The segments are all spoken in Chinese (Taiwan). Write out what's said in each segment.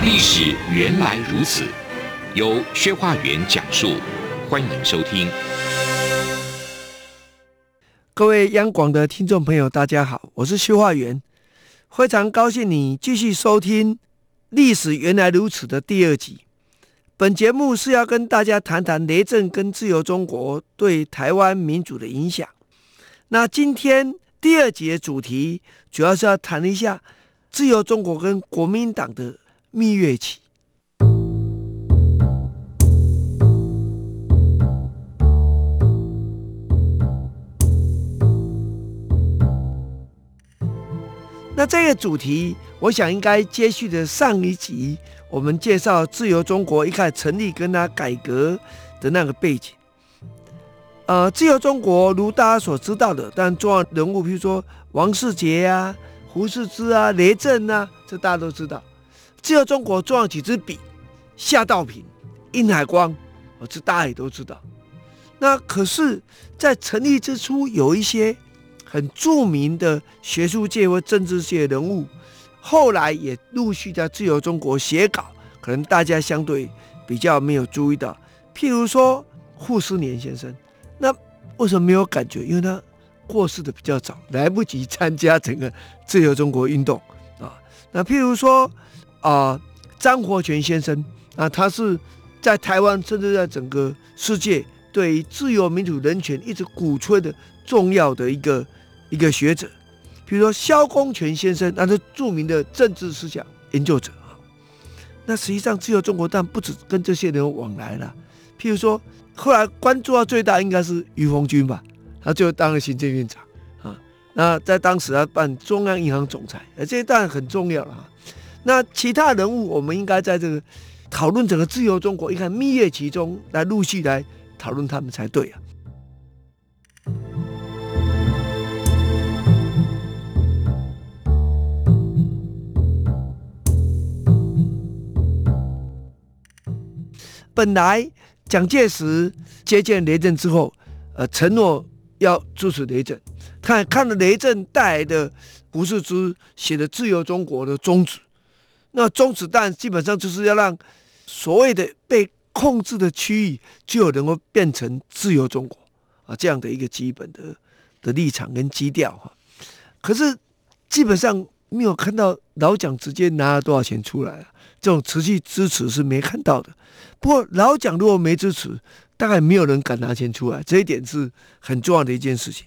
歷史元來如此，由薛化元講述，歡迎收聽。各位央廣的聽眾朋友，大家好，我是薛化元，非常高興你繼續收聽《歷史元來如此》的第二集。本節目是要跟大家談談雷震跟自由中國對台灣民主的影響。那今天第二節主題主要是要談一下自由中國跟國民黨的。蜜月期。那這個主題，我想應該接續的上一集，我們介紹自由中國一開始成立跟他改革的那個背景。呃，自由中國如大家所知道的，但重要人物比如說王世杰啊、胡適之啊、雷震啊，這大家都知道。自由中國重要幾支筆，夏道平、殷海光，我知大家也都知道。那可是，在成立之初，有一些很著名的學術界或政治界的人物，後來也陸續在自由中國寫稿，可能大家相對比較沒有注意到，譬如說傅斯年先生。那為什麼沒有感覺？因為他過世的比較早，來不及參加整個自由中國運動啊。那譬如說。啊、呃，張佛泉先生啊，他是在台灣，甚至在整個世界，對於自由、民主、人權一直鼓吹的重要的一個一個學者。譬如說蕭公權先生，那是著名的政治思想研究者啊。那實際上，自由中國但不止跟這些人往來了。譬如說，後來關注到最大應該是俞鴻鈞吧，他就當了行政院長啊。那在當時啊，辦中央銀行總裁，而這一段很重要了那其他人物，我們應該在這個討論整個自由中國，一看蜜月期中來陸續來討論他們才對啊。本來蔣介石接見雷震之後，呃，承諾要支持雷震，看看了雷震帶來的不是只寫的自由中國的宗旨。那中子彈基本上就是要讓所謂的被控制的區域，就能夠變成自由中國啊，這樣的一個基本的的立場跟基調哈。可是基本上沒有看到老蔣直接拿了多少錢出來啊，這種持續支持是沒看到的。不過老蔣如果沒支持，大概沒有人敢拿錢出來，這一點是很重要的一件事情。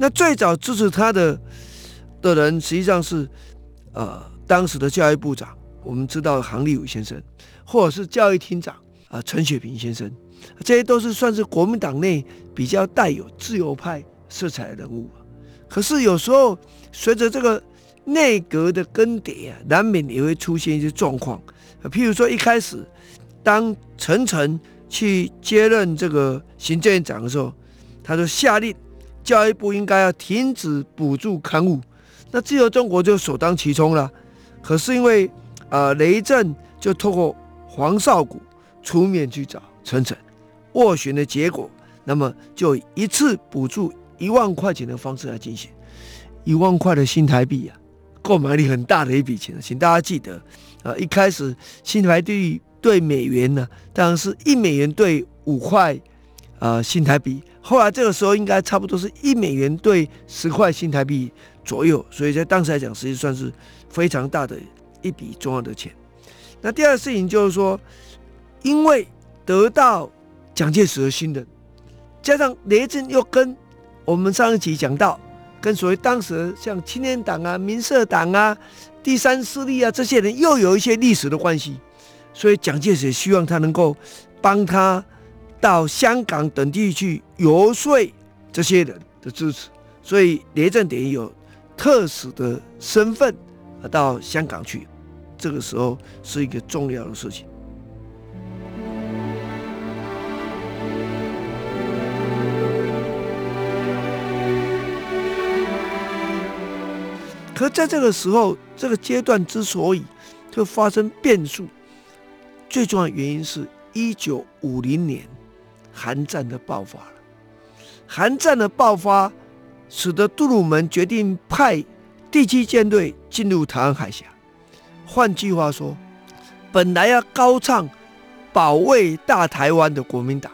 那最早支持他的的人，實際上是呃當時的教育部長，我們知道杭立武先生，或者是教育廳長啊陳、呃、雪屏先生，這些都是算是國民黨內比較帶有自由派色彩的人物。可是有時候隨着這個內閣的更迭啊，難免也會出現一些狀況。呃、譬如說一開始，當陳誠去接任這個行政院長的時候，他就下令。教育部應該要停止補助刊物，那自由中國就首當其衝了。可是因為，呃，雷震就透過黃少谷出面去找陳誠，斡旋的結果，那麼就一次補助一萬塊錢的方式來進行，一萬塊的新台幣啊，購買力很大的一筆錢。請大家記得，啊，呃，一開始新台幣兌美元呢，啊，當然是一美元兌五塊。啊、呃，新台幣。後來這個時候應該差不多是一美元兌十塊新台幣左右，所以在當時來講，實際算是非常大的一筆重要的錢。那第二個事情就是說，因為得到蔣介石的信任，加上雷震又跟我們上一集講到，跟所謂當時像青年黨啊、民社黨啊、第三勢力啊這些人又有一些歷史的關係，所以蔣介石也希望他能夠幫他，到香港等地去遊說這些人的支持，所以雷震點有特使的身份，而到香港去，這個時候是一個重要的事情。可在這個時候，這個階段之所以會發生變數，最重要的原因是1950年。韓戰的爆發了，韓戰的爆發使得杜魯門決定派第七艦隊進入台灣海峽。換句話說，本來要高唱保衛大台灣的國民黨，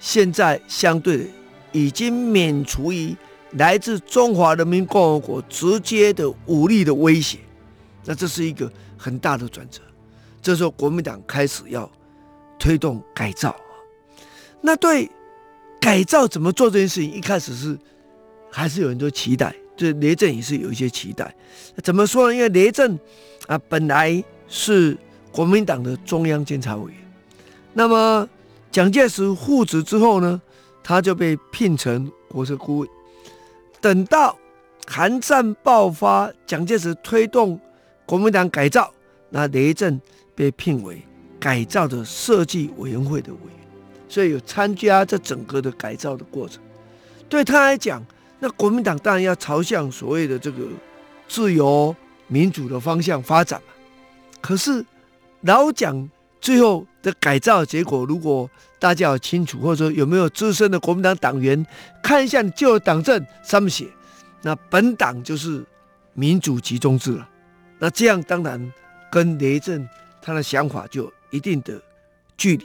現在相對的已經免除於來自中華人民共和國直接的武力的威脅。那這是一個很大的轉折。這時候，國民黨開始要推動改造。那對改造怎麼做這件事情，一開始是還是有很多期待，這雷震也是有一些期待。怎麼說呢？因為雷震啊，本來是國民黨的中央監察委員，那麼蔣介石復職之後呢，他就被聘成國策顧問。等到韓戰爆發，蔣介石推動國民黨改造，那雷震被聘為改造的設計委員會的委員。所以有參加這整個的改造的過程，對他來講，那國民黨當然要朝向所謂的這個自由民主的方向發展嘛。可是老蔣最後的改造結果，如果大家要清楚，或者說有沒有資深的國民黨黨員看一下舊黨證上面寫，那本黨就是民主集中制了。那這樣當然跟雷震他的想法就有一定的距離。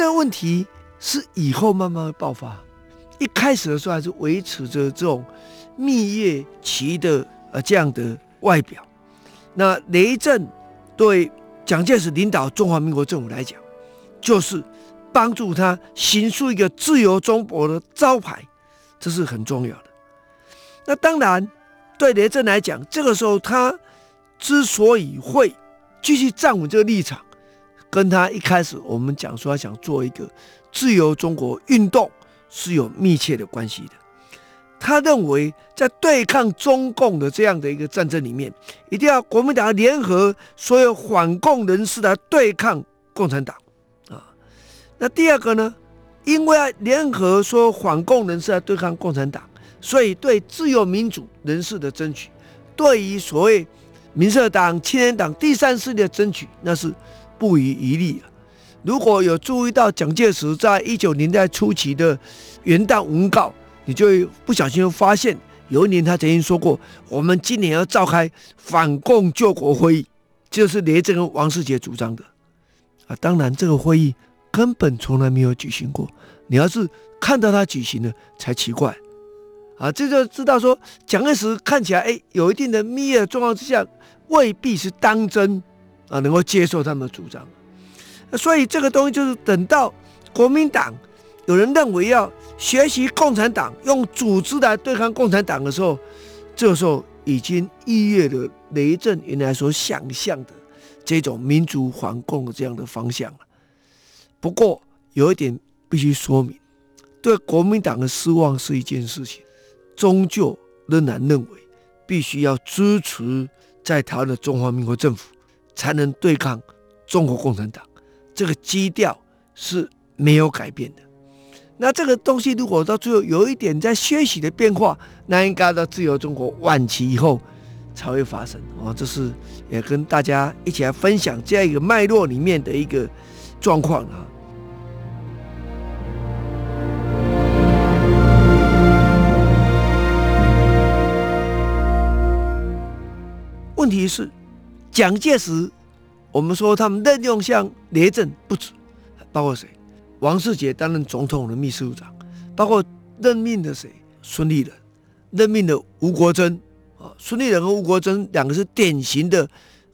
這個問題是，以後慢慢爆發。一開始的時候還是維持着這種蜜月期的呃這樣的外表。那雷震對蔣介石領導中華民國政府來講，就是幫助他形塑一個自由中國的招牌，這是很重要的。那當然，對雷震來講，這個時候他之所以會繼續站穩這個立場。跟他一開始我們講說他想做一個自由中國運動是有密切的關係的。他認為在對抗中共的這樣的一個戰爭裡面，一定要國民黨聯合所有反共人士來對抗共產黨啊。那第二個呢，因為要聯合所有反共人士來對抗共產黨，所以對自由民主人士的爭取，對於所謂民社黨、青年黨第三勢力的爭取，那是。不遺餘力啊！如果有注意到蔣介石在一九年代初期的元旦文告，你就會不小心發現，有一年他曾經說過：“我們今年要召開反共救國會議，就是雷震和王世杰主張的啊。”當然，這個會議根本從來沒有舉行過。你要是看到他舉行了才奇怪啊！這就知道說，蔣介石看起來哎、欸、有一定的蜜月的狀況之下，未必是當真。啊，能夠接受他們的主張，所以這個東西就是等到國民黨有人認為要學習共產黨用組織來對抗共產黨的時候，這時候已經逾越了雷震原來所想象的這種民族反共這樣的方向了。不過有一點必須說明，對國民黨的失望是一件事情，終究仍然認為必須要支持在台的中華民國政府，才能對抗中國共產黨，這個基調是沒有改變的。那這個東西如果到最後有一點在些許的變化，那應該到自由中國晚期以後才會發生。哦，這是也跟大家一起來分享這樣一個脈絡裡面的一個狀況啊。問題是。蔣介石，我們說他們任用像雷震不止，包括誰？王世杰擔任總統的秘書長，包括任命的誰？孫立人，任命的吳國楨。啊，孫立人和吳國楨兩個是典型的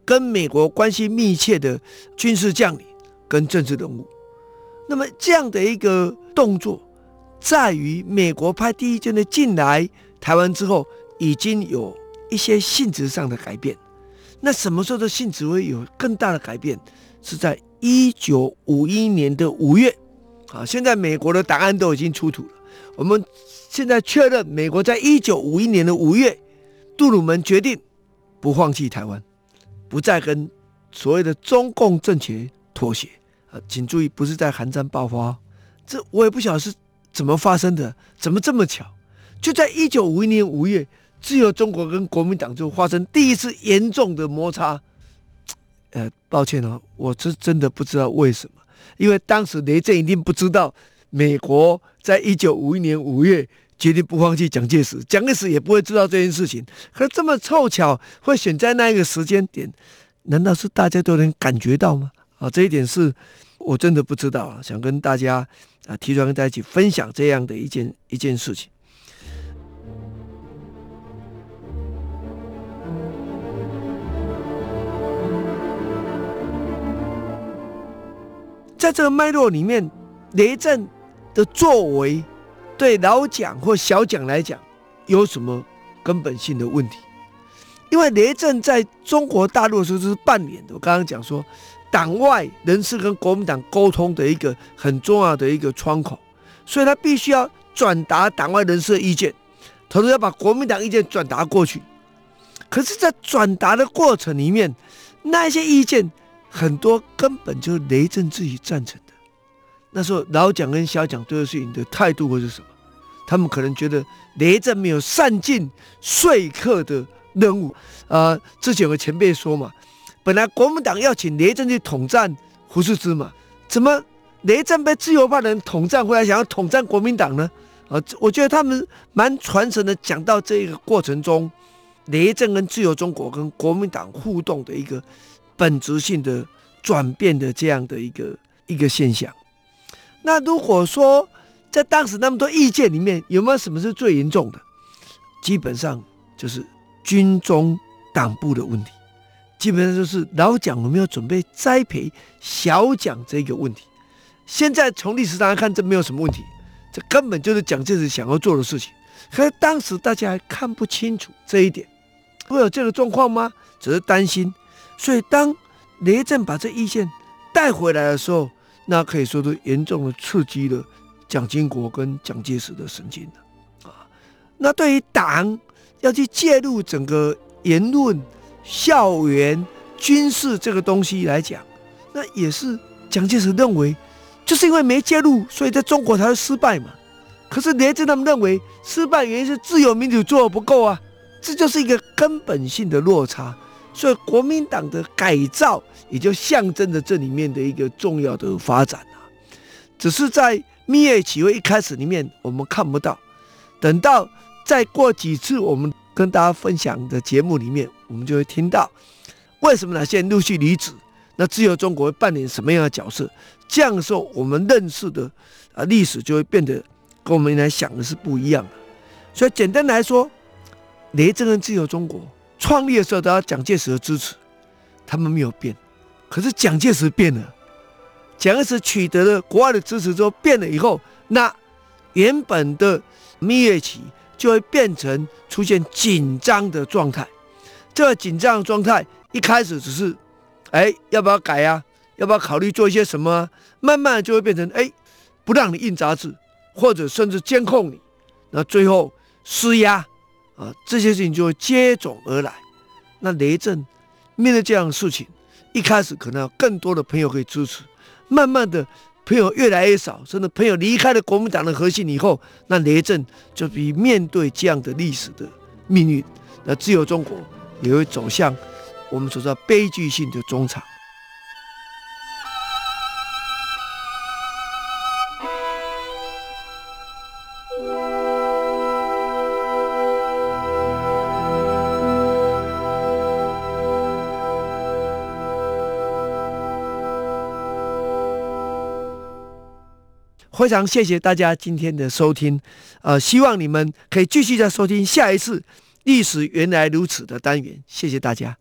跟美國關係密切的軍事將領跟政治人物。那麼這樣的一個動作，在於美國派第一軍的進來台灣之後，已經有一些性質上的改變。那什麼時候的性質會有更大的改變？是在一九五一年的五月，啊，現在美國的檔案都已經出土了。我們現在確認，美國在一九五一年的五月，杜魯門決定不放棄台灣，不再跟所謂的中共政權妥協。啊，請注意，不是在韓戰爆發，這我也不曉得是怎麼發生的，怎麼這麼巧，就在一九五一年五月。自由中國跟國民黨就發生第一次嚴重的摩擦，呃，抱歉哦，我是真的不知道為什麼，因為當時雷震一定不知道美國在一九五一年五月決定不放棄蔣介石，蔣介石也不會知道這件事情，可是這麼湊巧會選在那個時間點，難道是大家都能感覺到嗎？啊，這一點是我真的不知道啊，想跟大家啊提出來跟大家一起分享這樣的一件一件事情。在這個脈絡裡面，雷震的作為對老蔣或小蔣來講有什麼根本性的問題？因為雷震在中國大陸的時候是扮演的，我剛剛講說，黨外人士跟國民黨溝通的一個很重要的一個窗口，所以他必須要轉達黨外人士的意見，同時要把國民黨意見轉達過去。可是，在轉達的過程裡面，那些意見。很多根本就是雷震自己贊成的。那時候老蔣跟小蔣對事情的態度會是什麼，他們可能覺得雷震沒有善盡說客的任務。呃，之前有個前輩說嘛，本來國民黨要請雷震去統戰胡適之嘛，怎麼雷震被自由派的人統戰回來，想要統戰國民黨呢？啊、呃，我覺得他們蠻傳承的講到這個過程中，雷震跟自由中國跟國民黨互動的一個。本質性的轉變的這樣的一個一個現象。那如果說在當時那麼多意見裡面，有沒有什麼是最嚴重的？基本上就是軍中黨部的問題，基本上就是老蔣有沒有準備栽培小蔣這個問題。現在從歷史上來看，這沒有什麼問題，這根本就是蔣介石想要做的事情。可是當時大家還看不清楚這一點，會有這個狀況嗎？只是擔心。所以，當雷震把這意見帶回來的時候，那可以說都嚴重的刺激了蔣經國跟蔣介石的神經啊，那對於黨要去介入整個言論、校園、軍事這個東西來講，那也是蔣介石認為，就是因為沒介入，所以在中國才會失敗嘛。可是雷震他們認為，失敗原因是自由民主做得不夠啊，這就是一個根本性的落差。所以國民黨的改造，也就象徵着這裡面的一個重要的發展啊，只是在蜜月期一開始裡面，我們看不到。等到再過幾次，我們跟大家分享的節目裡面，我們就會聽到為什麼哪些陸續離職，那自由中國會扮演什麼樣的角色？這樣的時候我們認識的啊歷史就會變得跟我們原來想的是不一樣的。所以簡單來說，雷震跟自由中國。創立的時候得到蔣介石的支持，他們沒有變，可是蔣介石變了。蔣介石取得了國外的支持之後變了以後，那原本的蜜月期就會變成出現緊張的狀態。這個緊張的狀態一開始只是，哎，要不要改呀？要不要考慮做一些什麼？慢慢就會變成，哎，不讓你印雜誌，或者甚至監控你。然後最後施壓。啊，這些事情就會接踵而來。那雷震面對這樣的事情，一開始可能有更多的朋友可以支持，慢慢的，朋友越來越少，甚至朋友離開了國民黨的核心以後，那雷震就比面對這樣的歷史的命運，那自由中國也會走向我們所說的悲劇性的終場。非常謝謝大家今天的收聽，呃，希望你們可以繼續再收聽下一次《歷史原來如此》的單元，謝謝大家。